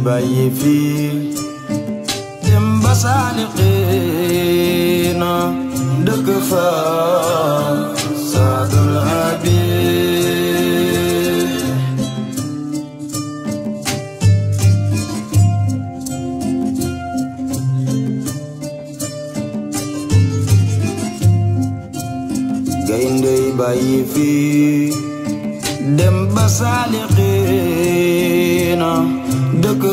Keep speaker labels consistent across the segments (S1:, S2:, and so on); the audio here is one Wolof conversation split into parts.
S1: ñuy fi dem basali kena xiina dëkk fa saadul habib gayndey dem ba saali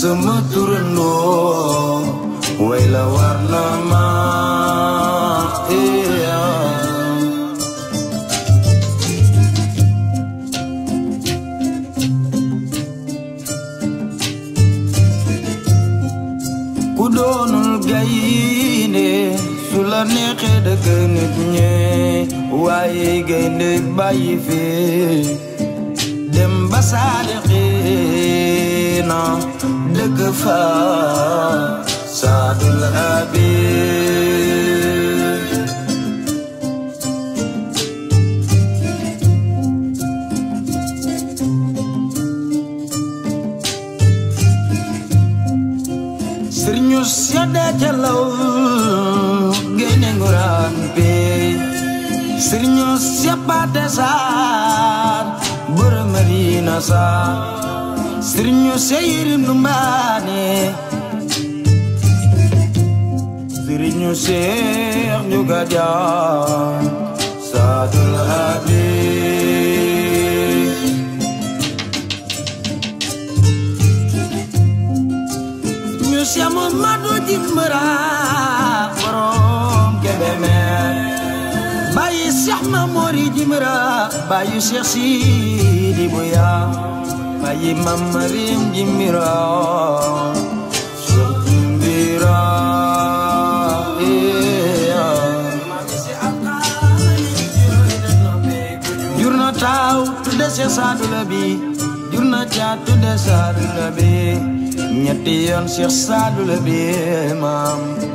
S1: Semeturno Waila warna ma'ia Kudonul gayine Sula nexe dëkk nit ñe Waaye Dem ba saaliqi ዜና ልግፋ ሳዱል አቢድ sirñus yadetelaw gene nguraan be sirñus yabate saan bërëmëri na saan Sirnyu ñu seyrim Sirnyu seyir sëriñ dia seex ñu gajaa saadul habi ñu seex mu madu jimmara borom kebeme bayi siah ma mori bayi siah si dibuya mayi mamarim gimira shukumbira jurna iya. taw tudde se sadu labi jurna ja tudde sadu labi sadu labi mam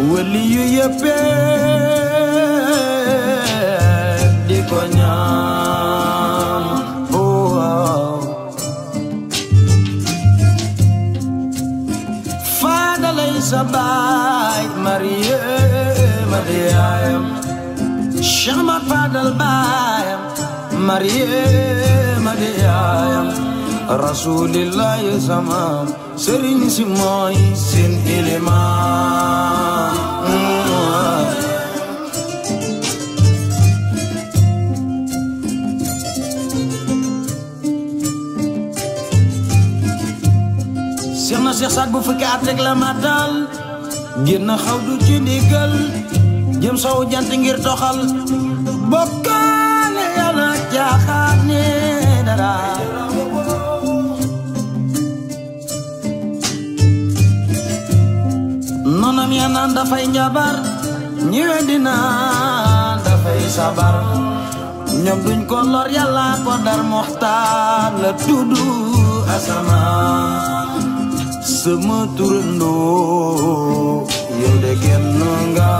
S1: waliyu yeppe di ko ñaan waaw faadalay sa baay mariye ma di yaayam Cheikh Mat Fadal baayam mariye ma di yaayam rasulillahi sama sëriñ si mooy seen ilimaan seex na seex saat bu fukki at rek la ma daal génn xaw du ci ndigal jëm sow jant ngir doxal jabar ñi weddi dafay sabar ñoom duñ ko lor yàlla ko dar moxtaar la tudd asama sama turandoo yow de genn nga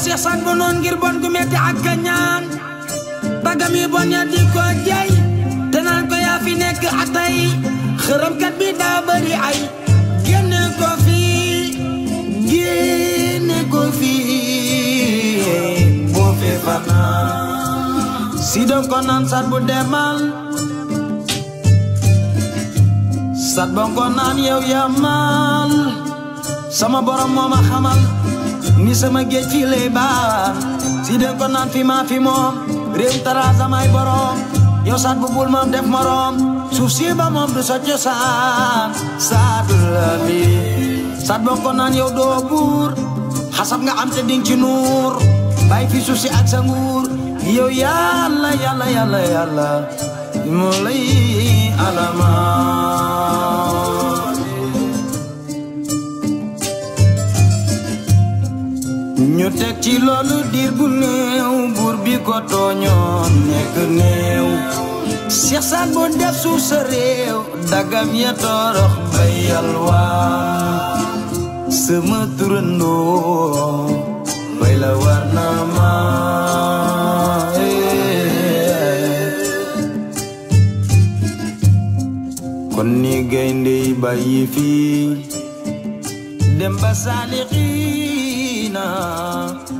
S1: sesan bu noon ngir bon gu metti ak gañaan bagam bon ya di ko jay te naan ko yaa fi nekk ak tey xërëmkat bi daa bëri ay génn ko fi génn ko fi bo fe fana si doon ko naan sat bu demal sat bon ko naan yow yamal sama borom mama ma xamal ni sama géej fii si den ko nan fi ma fi tara ay borom yow saat bu bul mom def morom suuf si ba moom du sa cosaan saatu la mi saat bo ko nan yow do bur hasab nga am te ding ci nur bay fi suuf si ak sa nguur yow yalla yalla yalla yalla mo lay alama ñu tek ci loolu diir bu néew buur bi ko tooñoon nekk néew Cheikh Saad bo def suuf sa réew dagam ya torox bay sama turandoo bay la war na ma eh. kon ni gay ndey bàyyi fii dem ba now